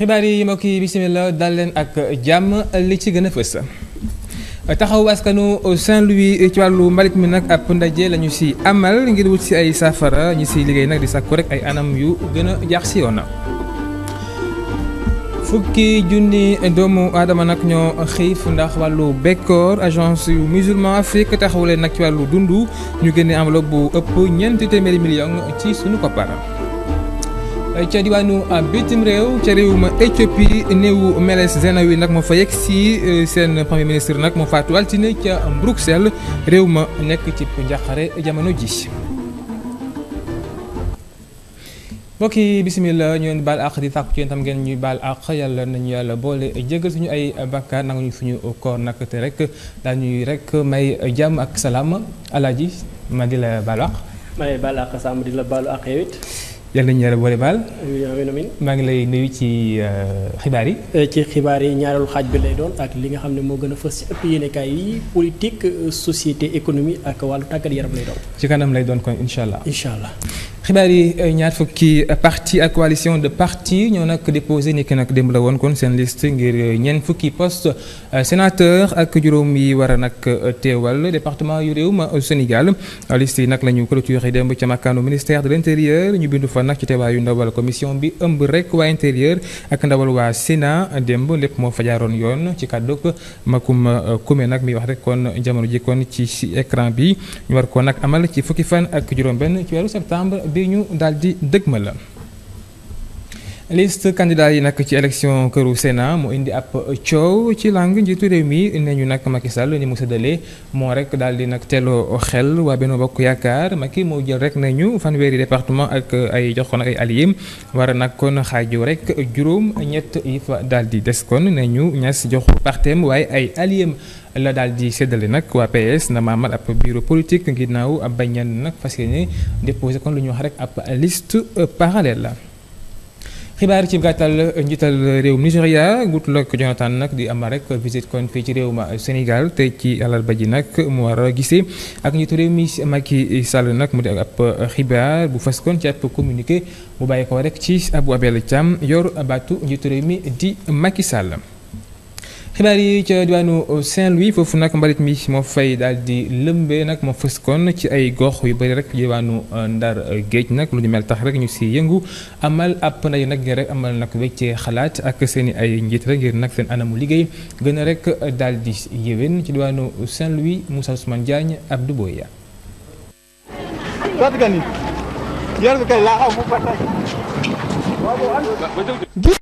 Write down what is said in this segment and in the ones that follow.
xibaar yi mbokk yi bisimilah dal leen ak jàmm li ci gën a fës. taxawu askanu Saint-Louis ci wàllu mbalit mi nag ab ndaje la ñu si amal ngir wut si ay saafara ñu si liggéey nag di sàkku rek ay anam yu gën a jaax si yoon. fukki junni doomu aadama nag ñoo xiif ndax wàllu bekkoor agence yu musulman Afrique taxawu leen nag ci wàllu dund ñu génne enveloppe bu ëpp ñeenti téeméeri million ci sunu koppar. Eh, ca diwaanu ah, bitim réew ca réewum Éthiopie néewu Meles Zenawi nag moo fa yegg si eh, seen premier ministre nag moo faatu altine ca Bruxelles réew ma nekk ci njàqare jamono ji mbokk yi bisimilah ñu leen baal àq di sàkku ci tam ngeen ñuy baal àq yàlla nañu yàlla boole jégal suñu ay bàkkaar nangu ñu suñu koor nag te rek daañuy rek may jàmm ak salaam alaaji ma di la baalu àq. may baal àq sàmm di la baalu àq yow yal nañu yàlla boole baal. maa ngi lay nuyu ci euh, xibaar yi. Eh, ci xibaar yi ñaareelu xaaj bi lay doon ak li nga xam ne moo gën a fës si ëpp yéenekaay yi politique euh, société économie ak wàllu tàggat yaram lay doon. ci kanam lay doon kon incha allah. incha allah. xibaar yi eh, ñaar fukki eh, parti ak coalition de parti ñoo nag déposé ni nag démb la woon kon seen liste ngir eh, ñeen fukki poste sénateur ak juróom yi war a nag teewal département yu réew ma Sénégal liste yi nag la ñu clôturé démb ca makkaanu ministère de l' intérieur ñu bindu fa nag ci teewaayu ndawal commission bi ëmb rek waa intérieur ak ndawal waa Sénat démb lépp moo fa jaaroon yoon ci kàdduk Macoumba Koumé nag mi wax rek kon jamono ji kon ci écran bi ñu war ko nag amal ci fukki fan ak benn bi ñu daal di dëgmal liste candidat yi nag ci élection këru Sénat mu indi ab coow ci lang njiitu réew mii ne ñu nag Macky Sall ni mu sëddalee moo rek daal di nag teeloo xel waa Benno Bokk Yaakaar Macky moo jël rek nañu fanweeri département ak ay jox ko nag ay alliés war nag kon xaaju rek juróom ñett yi fa daal di des kon ne ñu ñas jox partem waaye ay alliés la daal di séddale nag waa PS na maamal ab bureau politique ginnaaw ab bañan nag fas yéene déposé kon lu ñu wax rek ab liste parallèle la. xibaar ci gàttal njiital réew réewum Nigéria ko Jonathan nag di amal rek visite kon fii ci réew réewum Sénégal te ci ba ji nag mu war a ak njiitu réew mi Macky Sall nag mu di ab xibaar bu fas kon ci ab communiqué bu bàyyi ko rek ci Abou Abel Thiam yor baatu njiitu réew mi di Macky Sall. xibaar yi ca diwaanu Saint-Louis foofu nag mbalit mi moo fay daal di lëmbee nag moo fës kon ci ay gox yu bëri rek diwaanu euh, Ndar euh, géej nag lu ñu mel tax rek ñu si yëngu amal ab ndaje nag ngir rek amal nag weccee xalaat ak seeni ay njiit rek ngir nag seen anamu liggéey gën a rek euh, daal di yéwén ci diwaanu Saint-Louis musa Ousmane Diagne Abdou Boya. gis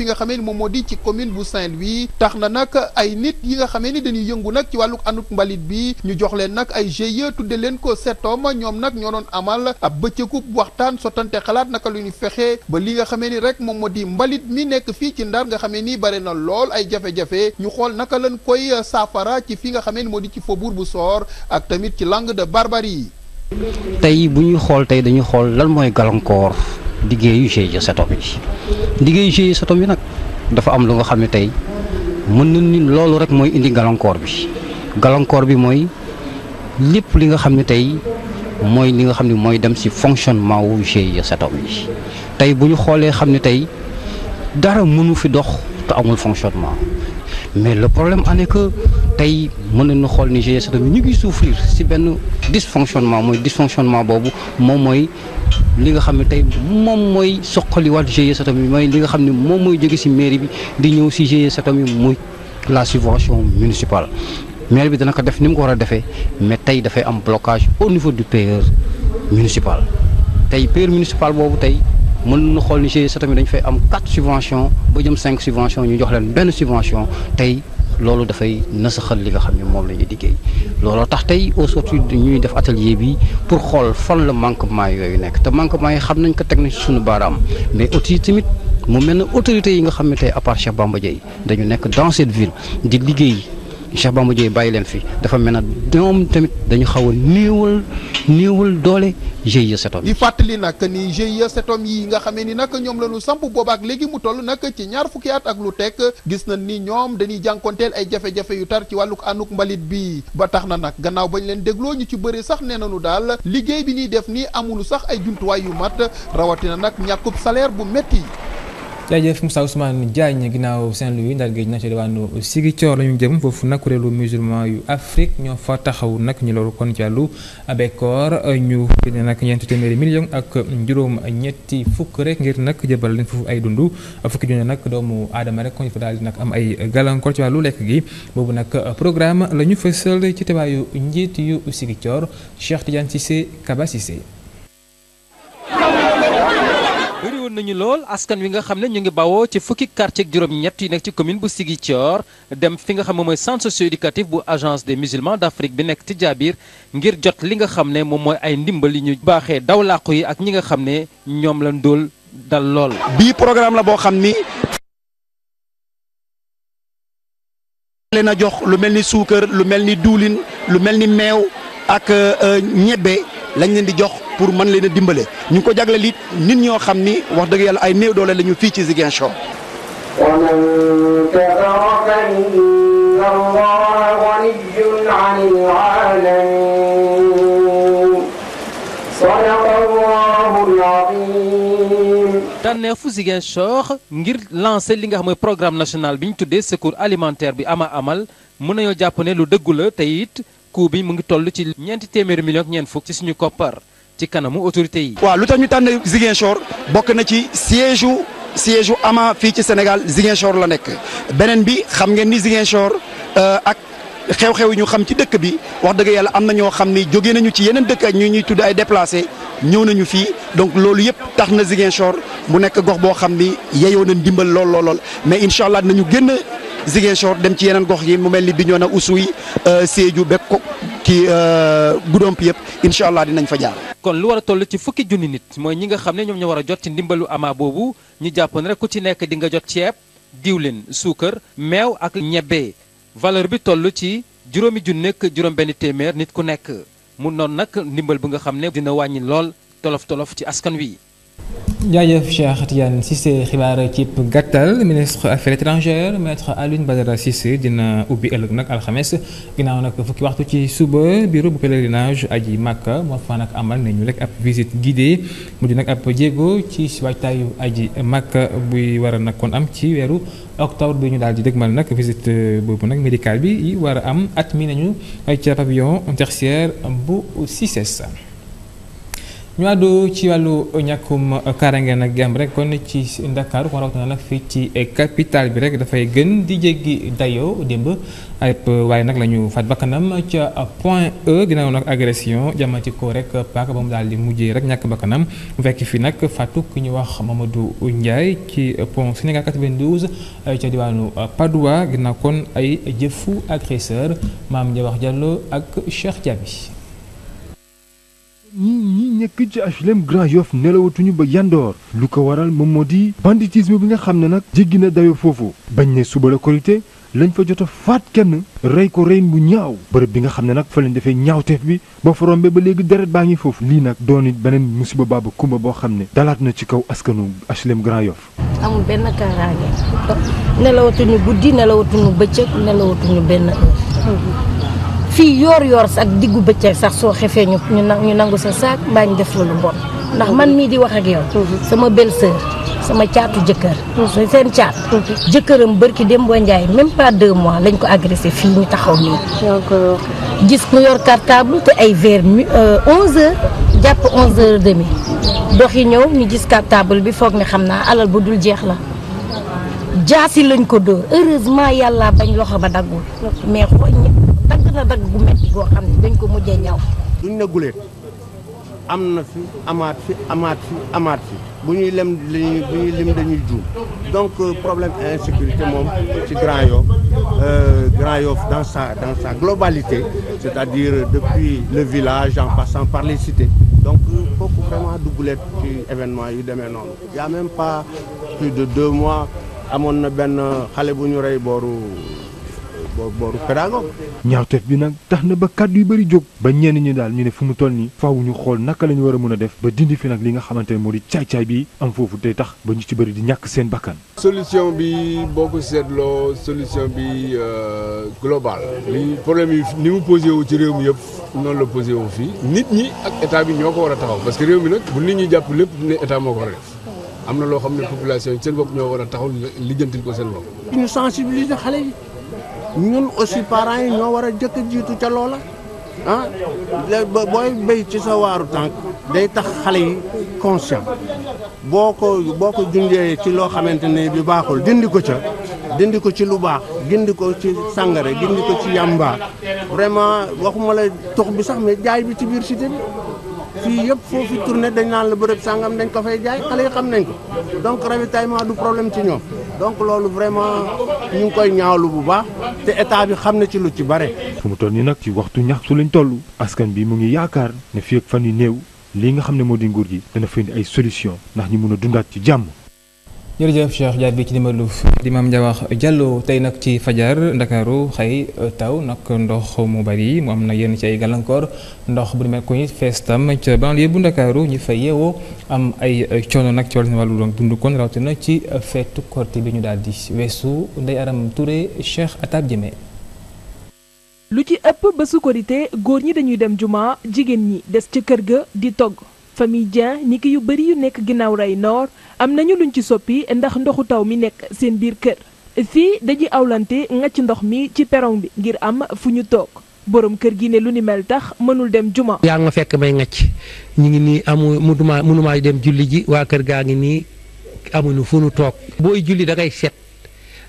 fi nga xamee ni moom moo di ci commune bu Saint-Louis tax na nag ay nit yi nga xamee ni dañuy yëngu nag ci wàllu anut mbalit bi ñu jox leen nag ay GIE tudde leen ko setoo ma ñoom nag ñoo doon amal ab bëccëgub waxtaan sottante xalaat naka lu ñu fexe ba li nga xamee ni rek moom moo di mbalit mi nekk fii ci Ndar nga xamee ni bare na lool ay jafe-jafe ñu xool naka lañ koy saafara ci fi nga xamee ni moo di ci faubourg bu Soor ak tamit ci Langue de Barbarie. tey bu ñuy xool tey dañuy xool lan mooy gàllankoor. liggéeyu GIE Setom yi liggéeyu GIE Setom yi nag dafa am lu nga xam ne tey mën na ni loolu rek mooy indi gàllankoor bi gàllankoor bi mooy lépp li nga xam ne tey mooy li nga xam ne mooy dem ci fonctionnement wu GIE Setom yi tey bu ñu xoolee xam ne tey dara mënu fi dox te amul fonctionnement mais le problème en est tey mën na nañu xool ni GIE Setom yi ñu ngi souffrir ci benn dysfonctionnement mooy dysfonctionnement boobu moom mooy li nga xam ne tey moom mooy soqaliwaat GIE Satom yi mooy li nga xam ne moom mooy jóge si mairie bi di ñëw si GIE Satom yi muy la subvention municipale. maire bi dana ko def ni mu ko war a defee mais tey dafay am blocage au niveau du payeur municipal tey payeur municipal boobu tey mën na xool ni GIE Satom yi dañu fay am quatre subventions ba jëm cinq subventions ñu jox leen benn subvention tey. loolu dafay nasaxal li nga xam ne moom la ñuy liggéey looloo tax tey au sortir ñuy def atelier bi pour xool fan la manquement yooyu nekk te manquement yi xam nañ ko teg nañ suñu baaraam mais aussi tamit mu mel ne autorités yi nga xam ne tey à part Cheikh Bamba Dièye dañu nekk dans cette ville di liggéey. Cheikh Bamba Dieye bàyyi leen fii dafa mel na ñoom tamit dañu xaw a néewal néewal doole GIE Setom di fàttali nag ni GIE Setom yi nga xamee ni nag ñoom la ñu samp boobaak léegi mu toll nag ci ñaar fukki at ak lu teg gis nañ ni ñoom dañuy jànkonteel ay jafe-jafe yu tar ci wàlluk ànduk mbalit bi ba tax na nag gannaaw bañ leen dégloo ñu ci bëri sax nee nañu daal liggéey bi ñuy def nii amulu sax ay jumtuwaay yu matt rawatina nag ñàkkub salaire bu métti jaajëf Moussa Ousmane Diagne ginaaw Saint-Louis ndar géej na ci diwaanu Ziguinchor la ñu jëm foofu nag kuréelu musulman yu Afrique ñoo fa taxaw nag ñu loolu kon ci wàllu bekkoor ñu ne nag ñeenti téeméeri million ak juróom ñetti fukk rek ngir nag jëbal leen foofu ay dund fukki junne nag doomu aadama rek kon fa daal di nag am ay gàllankoor ci wàllu lekk gi boobu nag programme la ñu fësal ci tebaayu njiit yu Ziguinchor Cheikh Tidiane Cissé Kaba jaaxaloon nañu lool askan wi nga xam ne ñu ngi bawoo ci fukki quartier ak juróom-ñett yi nekk ci commune bu Ziguinchor dem fi nga xam ne mooy centre socio-éducatif bu agence des musulmans d'Afrique bi nekk ci ngir jot li nga xam ne moom mooy ay ndimbal yi ñu baaxee daw làqu yi ak ñi nga xam ne ñoom la ndóol dal lool. bii programme la boo xam ni. leen mel ni suukar lu mel ni duulin lu mel ni ak euh, ñebbe lañ leen di jox pour mën leen a dimbale ñu ko jagleel it nit ñoo xam ni wax dëgg yàlla ay néew doole la fii ci Ziguinchor. tànneefu Ziguinchor ngir lancer li nga xam mooy programme national bi ñu tuddee secours alimentaire bi ama amal mën nañoo jàpp ne lu dëggu la teyit coût bi mu ngi toll ci ñeenti téeméeri million ak ñeent fukk ci suñu koppar ci kanamu autorité yi. waaw lu tax ñu tànn Ziguinchor bokk na ci siège u siège u ama fii ci Sénégal Ziguinchor la nekk beneen bi xam ngeen ni Ziguinchor euh, ak. xew-xew yi ñu xam ci dëkk bi wax dëgg yàlla am na ñoo xam ni jóge nañu ci yeneen dëkk ak ñu ñuy tudd ay déplacé ñëw nañu fii donc loolu yëpp tax na Ziguinchor mu nekk gox boo xam ni yeyoo na ndimbal lool lool mais incha allah nañu Ziguinchor dem ci yeneen gox yi mu mel ni Bignona Oussouye euh, Sédhiou beeg ko ki euh, Goudomp yëpp incha allah dinañ fa jaar. kon lu war a toll ci fukki junni nit mooy ñi nga xam ne ñoom ñoo war a jot ci ndimbalu ama boobu ñu jàppoon rek ku ci nekk di nga jot ceeb diwlin suukar meew ak ñebbe valeur bi toll ci juróomi junni nekk juróom benn téeméer nit ku nekk mun noonu nag ndimbal bi nga xam ne dina wàññi lool tolof tolof ci askan wi. jaajëf Cheikh Tidiane Cissé xibaar ci gàttal ministre affaires étrangères maître Alioune Badara Cissé dina ubbi ëllëg nag alxames ginnaaw nag fukki waxtu ci suba bureau bu pèlerinage aji Màkka moo fa nag amal nañu rek ab visite guidée mujj nag ab jéego ci waajtaayu aji Màkka buy war a nag kon am ci weeru octobre bi ñu daal di dëgmal nag visite boobu nag médical bi yi war a am at mi nañu ca pavillon tertiaire bu CICES. ñu àddu ci wàllu ñàkkum kaaraange nag gi rek kon ci Ndakaaru kon rawatina nag fii ci capital bi rek dafay gën di jéggi dayo démb ayëpp waaye nag la ñu faat bakkanam ca point E ginnaaw nag agression jamati ko rek paaka ba mu daal di mujjee rek ñàkk bakkanam mu fekk fi nag faatu ki ñu wax du Ndiaye ci pont Sénégal 92 ca diwaanu Padoua ginnaaw kon ay jëfu agresseur maam ja wax Diallo ak Cheikh Diaby ñi ñi nekk ci HLM Grand Yoff nelawatuñu ba yandoor lu ko waral moom moo di banditisme bi nga xam ne nag jéggi na dayo foofu bañ ne suba la korité lañ fa jot a faat kenn rey ko reyn bu ñaaw bërëb bi nga xam ne nag fa lañ defee ñaawteef bi boo fa rombee ba léegi deret baa ngi foofu lii nag doon it beneen musiba baaba kumba boo xam ne dalaat na ci kaw askanu HLM Grand Yoff amul benn kaaraange nelawatuñu guddi nelawatuñu bëccëg nelawatuñu benn fii yoor yoor sax ak diggu bëccëg sax soo xefee ñu ñu nangu sa saak mbaa ñu def la lu mbon ndax mhm. man mii di wax ak yow mhm. sama belle-sœur sama caatu jëkkër mhm. seen caat jëkkëram bërki dem boo njaay même pas de mois lañ ko agressé fii ñu taxaw nii gis mu yor cartable te ay vers euh, onze heures jàpp onze heures demi dox yi ñëw ñu gis cartable bi foog ne xam naa alal bu dul jeex la jaasi lañ ko dóor heureusement yàlla bañ loxo ba daggul mais dagg na dagg goo xam ne dañ ko mujjee ñaw duñ na guleet am na fi amaat fi amaat fi amaat fi bu ñuy lem dañuy dañuy juum donc euh, problème insécurité moom ci Grand Yoff euh, Grand Yoff dans sa globalité c'est-à-dire depuis le village en passant par les cités donc euh, kooku vraiment dugguleet ci événement yu demee noonu y a pas plus de deux mois amoon na benn xale bu ñu rey booru boobu booru Pérango. bi nag tax na ba kàddu yu bëri jóg ba ñenn ñi daal ñu ne fu mu toll nii faaw ñu xool naka la ñu war a mën a def ba dindi fi nag li nga xamante ne moo di caay-caay bi am foofu tey tax ba ñu ci bëri di ñàkk seen bakkan. solution bi boo ko loo solution bi euh, global li problème yi ni mu posé wu ci réew yëpp noonu la posé wu fii nit ñi ak état bi ñoo ko war a taxaw parce que réew mi nag bu nit ñi jàpp lépp ne état moo ko war a def. am na loo xam ne population yi seen bopp ñoo war a taxaw lijjantil ko seen bopp. ñu ñun aussi parent yi ñoo war a jëkk jiitu ca loola ah booy béy ci sa waaru tànk day tax xale yi conscient boo ko boo ko junjee ci loo xamante ne bi baaxul dindi ko ca dindi ko ci lu baax dindi ko ci sàngara dindi ko ci yàmba vraiment waxuma la tox bi sax mais jaay bi ci biir cité bi fii yëpp foofu tourné dañ naan la bërëb sàngam dañ ko fay jaay xale yi xam nañ ko donc ravitaillement du problème ci ñoom donc loolu vraiment ñu ngi koy ñaawlu bu baax te état bi xam na ci lu ci bare. fu mu toll nii nag ci waxtu ñax ñaxtu lañ toll askan bi mu ngi yaakaar ne fii ak fan yi néew lii nga xam ne moo di nguur gi dana fi indi ay solution ndax ñi mun a dundaat ci jàmm. jërëjëf Cheikh Diar bi ci dimbalu di Mame Diawar Diallo tey nag ci fajar Ndakaaru xëy euh, taw nag ndox mu bari mu am na yenn ci ay gàllankoor ndox bu demee ko ñu fees tam ca banlieue bu Ndakaaru ñu fa yeewoo am ay euh, coono nag ci wàllu dund kon rawatina ci euh, feetu korté bi ñu daal di weesu Ndeye Aram Touré Cheikh Atab Jeme. lu ci ëpp ba su góor ñi dañuy dem juma jigéen ñi des ca kër ga di togg. famille Dieng niki yu bëri yu nekk ginnaaw ray noor am nañu luñ ci soppi ndax ndoxu taw mi nekk seen biir kër fii daji awlante ci ndox mi ci perong bi ngir am fu ñu toog borom kër gi ne lu ni mel tax mënul dem juma. yaa ma fekk may ngacc ñu ngi nii amu mënuma mënuma dem julli ji waa kër gaa ngi nii amuñu fu ñu toog booy julli da ngay set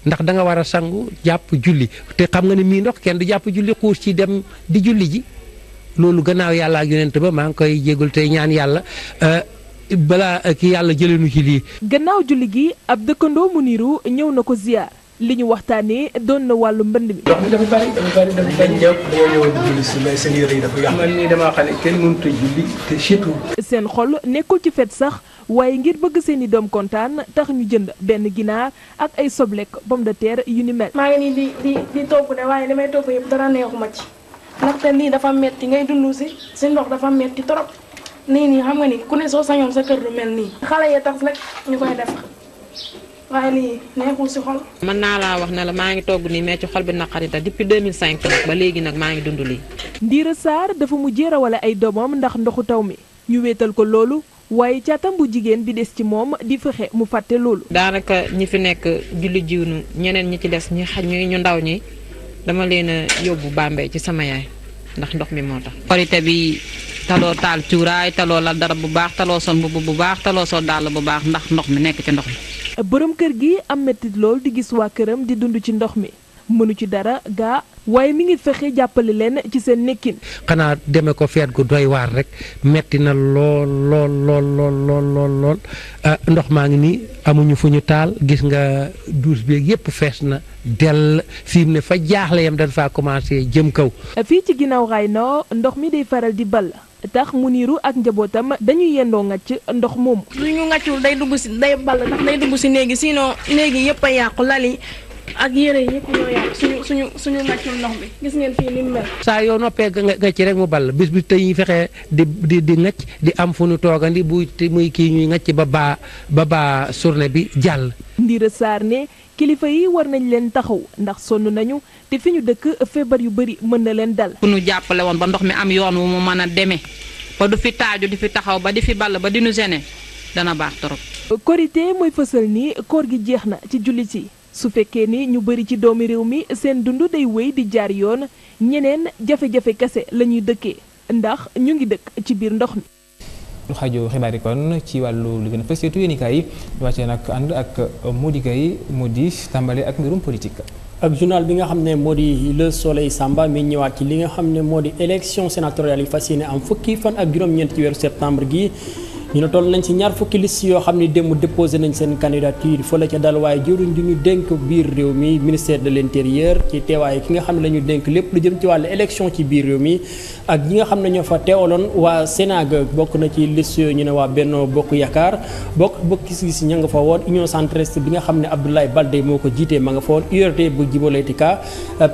ndax danga nga war a sangu jàpp julli te xam nga ne mii ndox kenn du jàpp julli xuus ci dem di julli ji. loolu gannaaw yàlla ak yonent ba maa ngi koy jégul tey ñaan yàlla euh, balaa ki yàlla jëlee ci lii. gannaaw julli gi ab dëkkandoo mu niiru ñëw na ko ziar li ñu waxtaanee doon na wàllu mbënd mi. ndox mi dafa bari dafa bari dafa bari seen dafa yàq. xol nekkul ci fet sax waaye ngir bëgg seen doom kontaan tax ñu jënd benn ginaar ak ay soblek pomme de terre yu ni mel. maa ngi nii waaye li may yëpp dara neexuma ndaxte lii dafa metti ngay dundu si si ndox dafa metti trop nii nii xam nga ni ku ne soo sañoon sa kër lu mel nii. xale yee tax rek ñu koy def waaye lii neexul mën naa laa wax ne la maa ngi togg nii mais ci xol bi naqari da depuis 2005 nag ba léegi nag maa ngi dund lii. Ndiira Sarr dafa mujjee rawale ay doomam ndax ndoxu taw mi ñu wéetal ko loolu. waaye càttam bu jigéen bi des ci moom di fexe mu fàtte loolu. daanaka ñi fi nekk julli jiw ñeneen ñi ci des ñi xaj ñu ndaw ñi. dama leen a yóbbu Bambey ci sama yaay ndax ndox mi moo tax. korite bi taloo taal cuuraay taloo lal dara bu baax taloo sol mbubb bu baax taloo sol dàll bu baax ndax ndox mi nekk ci ndox mi. borom kër gi am mettit lool di gis waa këram di dund ci ndox mi mënu ci dara gaa waaye mi ngi fexe jàppale leen ci seen nekkin. xanaa deme ko feet gu doy waar rek metti na lool lool lool lool lool ah, ndox maa ngi nii amuñu fu ñu taal gis nga duus beeg yépp fees na dell fi ne fa jaaxle yam dañ faa commencé jëm kaw. fii ci ginnaaw raay noo ndox mi day faral di ball. tax mu niiru ak njabootam dañuy yendoo ngàcc ndox moom lu ñu day dugg si day ball ndax day dugg si néegi sinon néegi yépp a yàqu lal yi ak yére yëpp ñoo yàq suñu suñu suñu ndox bi gis ngeen fii ni mel. saa yoo noppee nga ci rek mu ball bis bi tey fexee di di di ngacc di am fu nu toogandi bu muy kii ñuy ngacc ba baa ba baa journée bi jàll. Ndira Sarr ne kilifa yi war nañ leen taxaw ndax sonn nañu te fi ñu dëkk feebar yu bëri mën na leen dal. ku ñu jàppale woon ba ndox mi am yoon wu mu mën a demee ba du fi taaju di fi taxaw ba di fi ball ba di nu dana baax trop. korité mooy fësal ni jeex na ci jullit yi su fekkee ni ñu bëri ci doomi réew mi seen dund day wéy di jaar yoon ñeneen jafe-jafe kese la ñuy dëkkee ndax ñu ngi dëkk ci biir ndox mi. lu xaaju xibaar yi kon ci wàllu lu gën a fës yéen kaay yi ñu wàccee nag ànd ak Mody Gueye di tàmbale ak mbirum politique. ak journal bi nga xam ne moo di Le Soleil Samba mi ñëwaat ci li nga xam ne moo di élection sénatoriale yi fas yéene am fukki fan ak juróom-ñeent ci weeru septembre gi. ñu ne toll nañ ci ñaar fukki liste yoo xam ne dému déposé nañ seen candidature fële ca dal waaye jëruñ di ñu dénk biir réew mi ministère de l' intérieur ci teewaay ki nga xam ne la ñu dénk lépp lu jëm ci wàllu élection ci biir réew mi ak ñi nga xam ne ñoo fa teewaloon waa Sénaga bokk na ci list yoo ñu ne waa Benno Bokk Yaakaar bokk bokk gis-gis ña nga fa woon Union centriste bi nga xam ne Abdoulaye Baldé moo ko jiitee ma nga fa woon bu Djibo Leyti Ka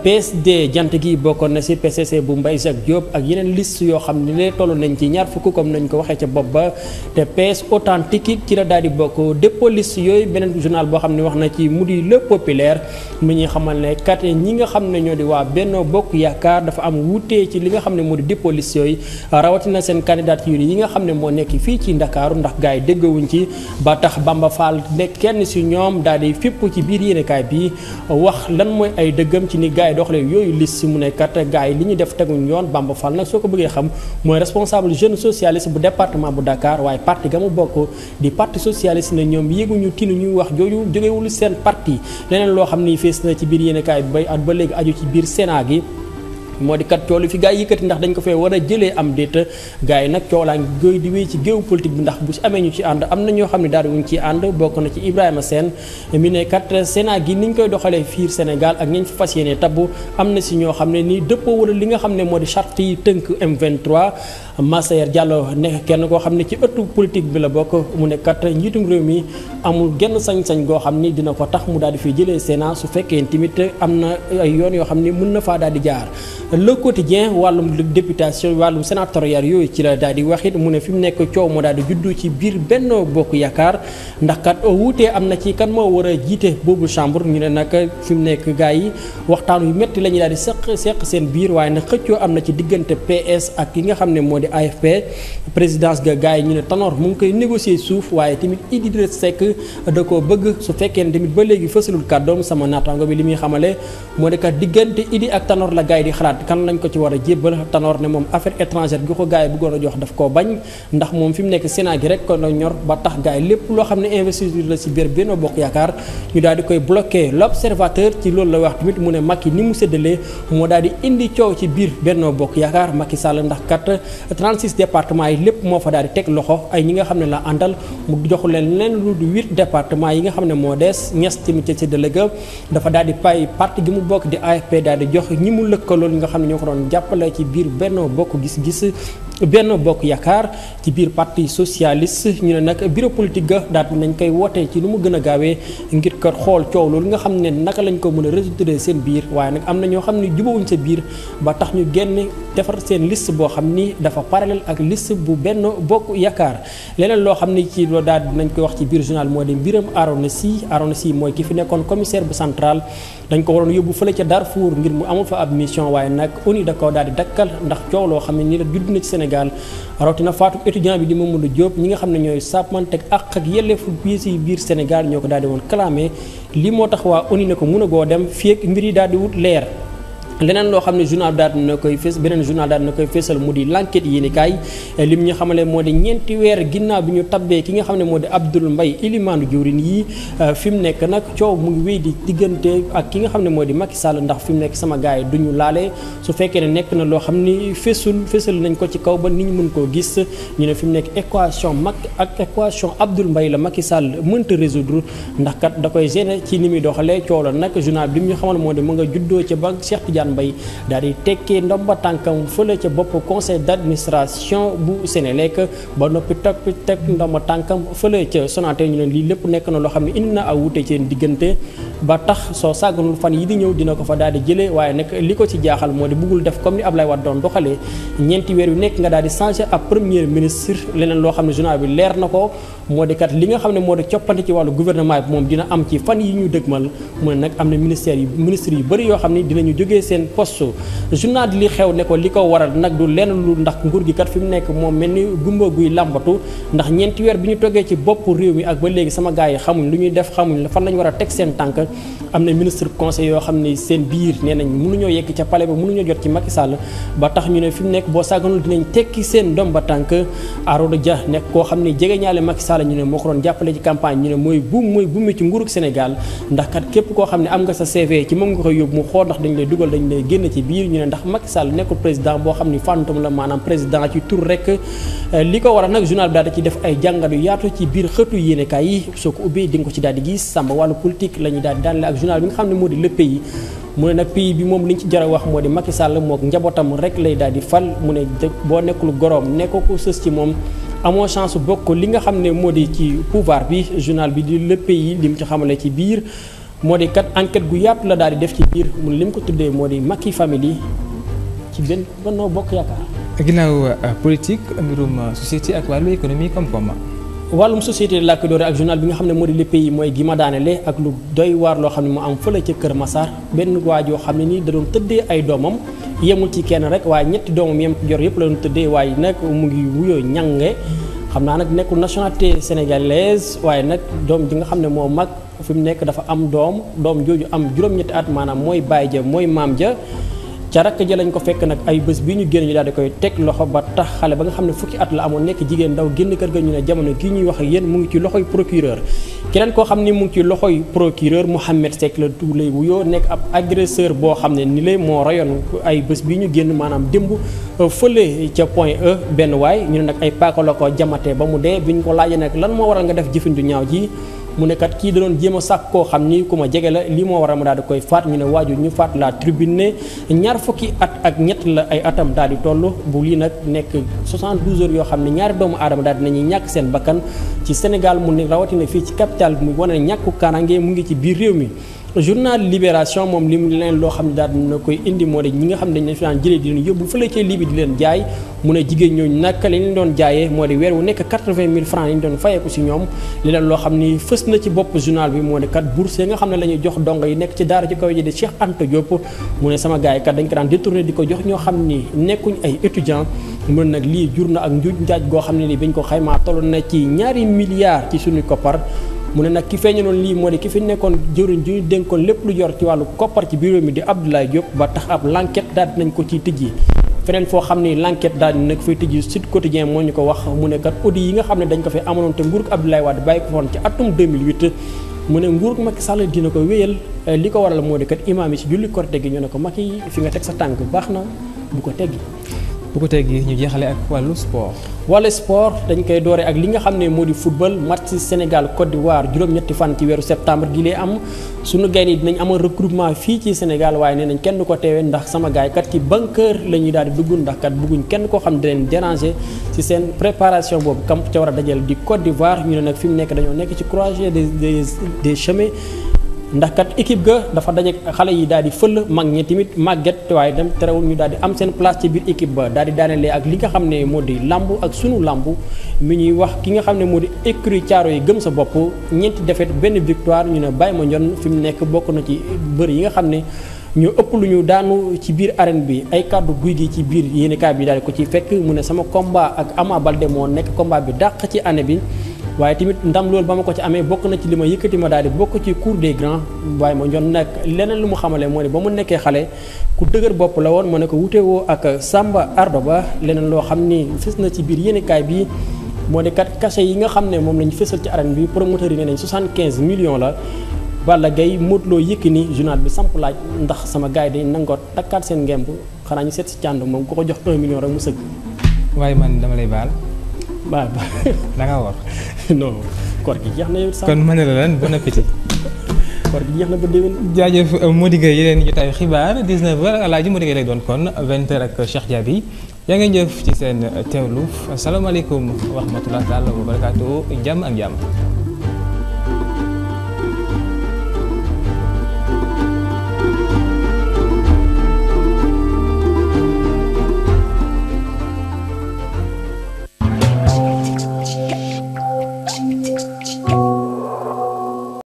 PSD jant gi bokkoon na ci PCC bu mbay Jacques Diop ak yeneen liste yoo xam ne ne toll nañ ci ñaar fukk comme nañ ko waxee ca bopp ba te PS authentique ci la daal di bokk dépôt liste yooyu beneen journal boo xam ne wax na ci mu di le populaire mu ñuy xamal ne kat ñi nga xam ne ñoo di waa benn Bokk Yaakaar dafa am wuute ci li nga xam ne moo di dépôt liste yooyu rawatina seen candidature yi nga xam ne moo nekk fii ci Ndakaaru ndax gars yi déggawuñ ci ba tax Bamba Fall nekk kenn si ñoom daal di fipp ci biir yéenekaay bi wax lan mooy ay dëggam ci ni gars yi doxalee yooyu liste mu ne kat gars yi li ñu def yoon Bamba Fall nag soo ko bëggee xam mooy responsable jeune socialiste bu département bu Dakar waaye parti ga mu bokk di parti socialiste na ñoom yéeguñu ñuy wax jooju jógewul seen parti leneen loo xam ni fees na ci biir yéenekaay bi bay at ba léegi aju ci biir Sénat gi moo di kat coow li fi gaa yi yëkkati ndax dañ ko fee war a jëlee am déet gaa yi nag coow laa ngi gëy di wéy ci géew politique bi ndax bu si amee ñu ci ànd am na ñoo xam ne daal wuñ ci ànd bokk na ci Ibrahima seen mi ne kat Sénat gi niñ koy doxalee fiir Sénégal ak ñañ fa fas yéene tabbu am na si ñoo xam ne nii dëppoo wala li nga xam ne moo di charte yi tënk M23 Massaer Diallo nekk kenn koo xam ne ci ëttu politique bi la bokk mu ne kat njiitum réew mi amul genn sañ-sañ goo xam ni dina ko tax mu daal di fiy jëlee Sénat su fekkee tamit am na ay yoon yoo xam ni mën na faa daal di jaar le quotidien wàllum députation wàllum sénatorial yooyu ci la daal di wax it mu ne fi mu nekk coow moo daal di juddu ci biir Benno Bokk Yaakaar ndax kat oh, wuutee am na ci kan moo war a jiite boobu chambre ñu ne nag fi mu nekk gars yi waxtaan yu métti la ñu daal di seq seq seen biir waaye nag xëccoo am na ci diggante PS ak ki nga xam ne moo di AFP présidence ga gars yi ñu ne Tanor mu ngi koy négocier suuf waaye tamit Idrissa Seck da koo bëgg su fekkee ne tamit ba léegi fësalul kàddoom sama naataango bi li muy xamale moo di kat diggante Idi ak Tanor la gars yi xalaat xalaat kan lañ ko ci war a jébbal Tanor ne moom affaire étrangère gi ko gars yi bëggoon a jox daf koo bañ ndax moom fi mu nekk Sénat gi rek ko na ñor ba tax gars lépp la si biir Benno Bokk Yaakaar ñu daal di koy bloqué l'observateur ci loolu la wax tamit mu ne Macky ni mu séddalee moo daal di indi coow ci biir yi lépp moo fa daal di teg loxo ay ñi nga xam ne la àndal mu jox leen leen lu du 8 yi nga xam ne moo dees ñes tamit ci séddale ga dafa daal di pay parti gi mu bokk di AFP daal di jox ñi mu lëkkalool xam ne ñoo ko doon jàppale ci biir Benno Bokk Gis-Gis benn Bokk Yaakaar ci biir parti socialiste ñu ne nag bureau politique ga daal nañ koy wootee ci lu mu gën a gaawee ngir kër xool coow loolu nga xam ne naka lañ ko mën a résoudre seen biir waaye nag am na ñoo xam ne jubawuñ sa biir ba tax ñu génn defar seen liste boo xam ni dafa parallèle ak liste bu Benno Bokk Yaakaar leneen loo xam ne ci loolu daal nañ koy wax ci biir journal moo di mbiram Arona Sy mooy ki fi nekkoon commissaire bu central dañ ko waroon yóbbu fële ca Darfour ngir mu amul fa ab waaye nag ONU da ko daal di dakkal ndax coow loo xam ne ni la judd na ci Sénégal Sénégal na faatu étudiant bi di Mamadou Diop ñi nga xam ne ñooy sàmmanteeg àq ak yelleefu bii si biir Sénégal ñoo ko daal di woon clamé lii moo tax waa ONU ne ko mun a goo dem fii ak mbir yi daal di wut leer leneen loo xam ne journal daal na koy fés beneen journal daal na koy fésal mu di l'enquête yéeni kaay lim ñu xamale moo di ñeenti weer ginnaaw bi ñu tabbee ki nga xam ne moo di Abdoul Mbaye ilimaanu jëwrin yi euh, fi mu nekk nag coow mu ngi wéy diggante ak ki nga xam ne moo di Macky Sall ndax fi mu nekk sama gars yi du ñu laale su fekkee ne nekk na loo xam ni fésul fésal nañ ko ci kaw ba ni ñu mën koo gis ñu ne fi mu nekk équation mag ak équation Abdoul Mbaye la Macky Sall mënta résoudre ndax kat da koy gêné ci ni muy doxalee coow la nag journal bi lim ñu xamal moo di mu nga juddoo ca banque Cheikh Tidiane Bougane Mbaye daal di tekkee ndomba tànkam fële ca bopp conseil d'administration bu Sénélec ba noppi topp teg ndomba tànkam fële ca Sonatel ñu leen lii lépp nekk na loo xam ne indi na aw wute seen diggante ba tax soo sàgganul fan yi di ñëw dina ko fa daal di jëlee waaye nag li ko ci jaaxal moo di buggul def comme ni Ablaye Wade doon doxalee ñeenti weer yu nekk nga daal di changé ab premier ministre leneen loo xam ne journal bi leer na ko moo di kat li ne moo di coppante ci wàllu bi moom dina am ci fan yi seen poste journal li xew ne ko li ko waral nag du lenn lu ndax nguur gi kat fi mu nekk moom mel ni gumba guy làmbatu ndax ñeenti weer bi ñu toggee ci bopp réew mi ak ba léegi sama gars yi xamuñ lu ñuy def xamuñ fan lañ war a teg seen tànk am na ministre conseil yoo xam ne seen biir nee nañ mënuñoo yegg ca palais ba mënuñoo jot ci Macky Sall ba tax ñu ne fi mu nekk boo sàgganul dinañ tekki seen dom ba tànk Arouna Dia nekk koo xam ne jege ñaale Macky Sall ñu ne moo ko doon jàppale ci campagne ñu ne mooy buum mooy buumi ci nguurug Sénégal ndax kat képp koo xam am nga sa CV ci génn génn ci biir ñu ne ndax Macky Sall nekkul président boo xam ni fantôme la maanaam président ci tur rek euh, li ko waral nag journal bi daal di ci def ay jàngat yaatu ci biir xëtu yéenekaay yi soo ko ubbee ko ci daal di gis sàmba wàllu politique la ñuy daal di daanale ak journal bi nga xam ne moo di le pays mu ne nag pays bi moom li ñu ci jar a wax moo di Macky sàll mook njabootam rek lay daal di fal mu ne boo nekkul goroom nekkoo ko sës ci moom amoo chance bokk li nga xam ne moo di ci pouvoir bi journal bi di le pays lim ci xamale ci biir moo di kat enquête gu yàpp la daal di def ci biir mu li mu ko tuddee moo di Macky Family ci benn noo Bokk Yaakaar. ginnaaw euh, politique mbirum euh, société ak wàllu économie koom-koom. wàllum société laa ko doore ak journal bi nga xam ne moo di le pays mooy gi ma daanele ak lu doy waar loo xam ne mu am fële ca Kër Massar benn waa joo xam ne nii da doon tëddee ay doomam yemul ci kenn rek waaye ñetti doomam yem yor yëpp la doon tëddee waaye nag mu ngi wuyoo ñange. xam naa nag nekkul nationalité sénégalaise waaye nag doom ji nga xam ne moo mag fi mu nekk dafa am doom doom jooju am juróom-ñetti at maanaam mooy baay ja mooy maam ja ca rakk ja lañ ko fekk nag ay bés bi ñu génn ñu daal di koy teg loxo ba tax xale ba nga xam ne fukki at la amoon nekk jigéen ndaw génn kër ga ñu ne jamono gi ñuy wax ak mu ngi ci loxoy procureur keneen koo xam ne mu ngi ci loxoy procureur Mouhamed Seck la tu yoo wuyoo nekk ab agresseur boo xam ne ni lay moo rayoon ay bés bi ñu génn maanaam démb euh, fële ca point E benn waay ñu ne nag ay paaka la ko jamatee ba mu dee bi ñu ko laajee nag lan moo waral nga def jëfin du ñaaw jii mu ne kat kii da doon jéem a sàkk koo xam ni ku ma jege la lii moo waral ma daal koy faat ñu ne waajur ñu faat la tribune ñaar fukki at ak ñett la ay atam daal di toll bu lii nag nekk 72 heures yoo xam ne ñaari doomu aadama daal dinañuy ñàkk seen bakkan ci Sénégal mu ne rawatina fii ci capitale bi mu wane ñàkku kaaraange mu ngi ci biir réew mi journal libération moom li mu leen loo xam ne daal na koy indi moo de ñi nga xam ne dañ daan jëlee di leen yóbbu fële ca Libi di leen jaay mu ne jigéen ñooñu naka lañ moo de weer nekk 80 000 francs lañ doon fayeeku si ñoom li leen loo xam ni fës na ci bopp moo de ne la ñuy jox dongo yi nekk ci daara ci kaw ji de Cheikh Anta Diop mu ne sama gars yi kat ñoo xam ni nekkuñ ay étudiants mën nag lii jur na ak njuuj njaaj goo xam ne ni bañ ko xaymaa toll na ci ñaari milliards ci suñu koppar mu ne nag ki feeñaloon lii moo di ki fi nekkoon jëriñ ju ñu dénkoon lépp lu yor ci wàllu koppar ci bureau mi di Abdoulaye Diop ba tax ab l'enquête daal nañ ko ciy tijji feneen foo xam ni l'enquête daal dina ko fay tijji Sud Quotidien moo ñu ko wax mu ne kat audit yi nga xam ne dañ ko fi amaloon te nguurug Abdoulaye Wade bàyyi ko foon ci atum 2008 mu ne nguurug Macky Sall dina ko wéyal li ko waral moo di kat imaam yi si julli korte gi ñu ne ko Macky fi nga teg sa tànk baax na bu ko teggi bu ko teggee ñu jeexale ak wàllu sport. wàllu sport dañ koy doore ak li nga xam ne moo di football match Sénégal Côte d'Ivoire juróom-ñetti fan ci weeru septembre gi lay am sunu gaynde yi dinañ amal regroupement fii ci Sénégal waaye nee nañ kenn du ko teewee ndax sama gaay kat ci ban kër la ñuy daal di dugg ndax kat bëgguñ kenn koo xam di leen déranger ci seen préparation boobu camp ca war a dajal di Côte d'Ivoire ñu ne nag fi mu nekk dañoo nekk ci croisée des des des chemins. ndax kat équipe ga dafa daje xale yi daal di fël mag ñi tamit màgget waaye dem terewul ñu daal di am seen place ci biir équipe ba daal di daanelee ak li nga xam ne moo di làmb ak sunu làmb mi ñuy wax ki nga xam ne moo di écurie caaro yi gëm sa bopp ñeenti defeet benn victoire ñu ne Baye Mandione fi mu nekk bokk na ci bëri yi nga xam ne ñoo ëpp lu ñu daanu ci biir arène bi ay kàddu guy gi ci biir yéenekaay bi daal ko ci fekk mu ne sama combat ak Ama moo nekk combat bi dàq ci année bi waaye tamit ndam loolu ba ma ko ci amee bokk na ci li yëkkati ma daal bokk ci cour des grands ma ñoon nag leneen lu mu xamalee moo ne ba mu nekkee xale ku dëgër bopp la woon ma ne ko wutewoo ak Samba Ardoba leneen loo xam ni fës na ci biir yéenekaay bi moo ne kat cachet xam ne moom lañu fësal ci arène bi promoteur yi ne nañ 75 millions la Balla Gaye Modou Lo Yékini journal bi samp laaj ndax sama gars yi dañ nangoo takkaat seen ngemb xanaa ñu seet si cànd moom ku jox 1 million mu sëgg waaye man dama lay baal waaw da nga war. non koor jeex na yow. kon ma ne la lan bon a koor gi jeex na ba déwén. jaajëf euh, Mody Gueye yeneen jotaayu xibaar 19h Alaaji Mody Gueye lay doon kon 20h ak Cheikh Diaby yaa ngeen jëf ci seen teewlu asalaamaaleykum wa rahmatulah taala wa barakaatu jàmm ak jàmm.